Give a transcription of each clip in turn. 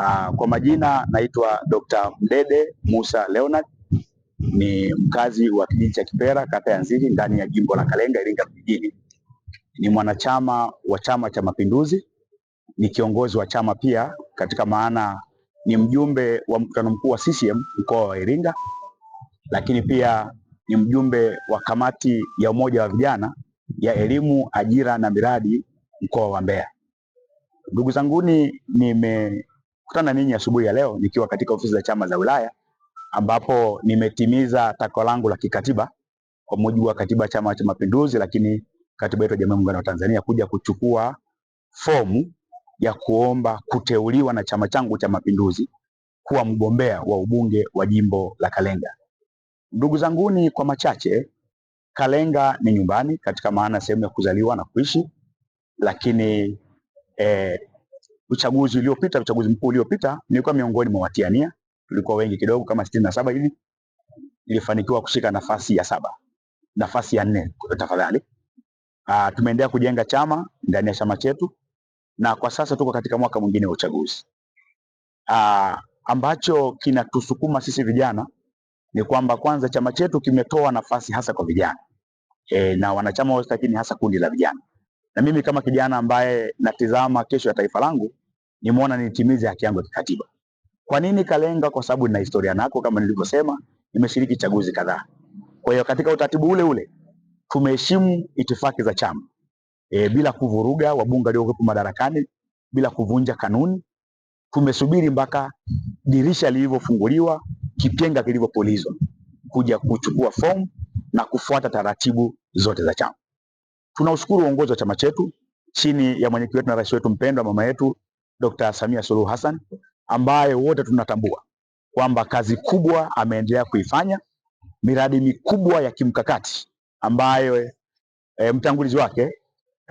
Aa, ah, kwa majina naitwa Dr. Mdede Musa Leonard ni mkazi wa kijiji cha Kipera kata ya Nzili ndani ya jimbo la Kalenga Iringa vijijini. Ni mwanachama wa Chama cha Mapinduzi, ni kiongozi wa chama pia, katika maana ni mjumbe wa mkutano mkuu wa CCM mkoa wa Iringa, lakini pia ni mjumbe wa kamati ya umoja wa vijana ya elimu, ajira na miradi mkoa wa Mbeya. Ndugu zanguni, nime kutana ninyi asubuhi ya leo nikiwa katika ofisi za chama za wilaya ambapo nimetimiza takwa langu la kikatiba kwa mujibu wa katiba Chama cha Mapinduzi, lakini katiba yetu ya Jamhuri ya Muungano wa Tanzania kuja kuchukua fomu ya kuomba kuteuliwa na chama changu cha Mapinduzi kuwa mgombea wa ubunge wa jimbo la Kalenga. Ndugu zanguni, kwa machache, Kalenga ni nyumbani katika maana sehemu ya kuzaliwa na kuishi, lakini eh, uchaguzi uliopita, uchaguzi mkuu uliopita, nilikuwa miongoni mwa watiania, tulikuwa wengi kidogo kama sitini na saba hivi, Nilifanikiwa kushika nafasi ya saba, nafasi ya nne tafadhali. Ah, tumeendelea kujenga chama ndani ya chama chetu na kwa sasa tuko katika mwaka mwingine wa uchaguzi. Ah, ambacho kinatusukuma sisi vijana ni kwamba kwanza chama chetu kimetoa nafasi hasa kwa vijana e, na wanachama wote, lakini hasa kundi la vijana. Na mimi kama kijana ambaye natizama kesho ya taifa langu, nimeona nitimize haki yangu ya kikatiba. Kwa nini Kalenga? Kwa sababu nina historia nako, kama nilivyosema, nimeshiriki chaguzi kadhaa. Kwa hiyo katika utaratibu ule ule tumeheshimu itifaki za chama e, bila kuvuruga wabunge waliokuwepo madarakani, bila kuvunja kanuni. Tumesubiri mpaka dirisha lilivyofunguliwa, kipenga kilivyopulizwa, kuja kuchukua fomu na kufuata taratibu zote za chama. Tunaushukuru uongozi wa chama chetu chini ya mwenyekiti wetu na rais wetu mpendwa mama yetu Dr. Samia Suluhu Hassan ambaye wote tunatambua kwamba kazi kubwa ameendelea kuifanya, miradi mikubwa ya kimkakati ambayo e, mtangulizi wake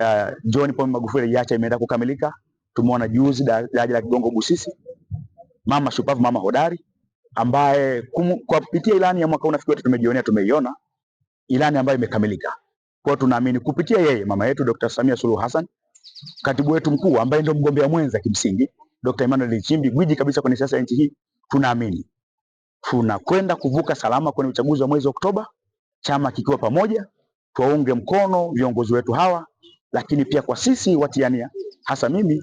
e, John Pombe Magufuli aliacha imeenda kukamilika. Tumeona juzi daraja la Kigongo Busisi, mama shupavu, mama hodari ambaye kwa kupitia ilani ya mwaka huu wote tumejionea, tumeiona ilani ambayo imekamilika. Kwa tunaamini kupitia yeye mama yetu Dr. Samia Suluhu Hassan katibu wetu mkuu ambaye ndio mgombea mwenza kimsingi, Dr. Emmanuel Nchimbi, gwiji kabisa kwenye siasa ya nchi hii, tunaamini tunakwenda kuvuka salama kwenye uchaguzi wa mwezi Oktoba, chama kikiwa pamoja. Tuwaunge mkono viongozi wetu hawa, lakini pia kwa sisi watiania, hasa mimi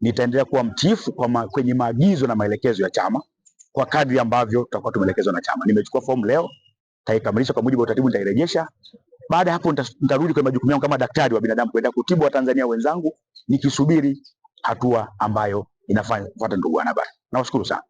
nitaendelea kuwa mtiifu ma, kwenye maagizo na maelekezo ya chama kwa kadri ambavyo tutakuwa tumeelekezwa na chama. Nimechukua fomu leo, taikamilisha kwa mujibu wa utaratibu, nitairejesha. Baada ya hapo nitarudi kwenye majukumu yangu kama daktari wa binadamu kwenda kutibu Watanzania wenzangu nikisubiri hatua ambayo inafuata. Ndugu wanahabari, nawashukuru sana.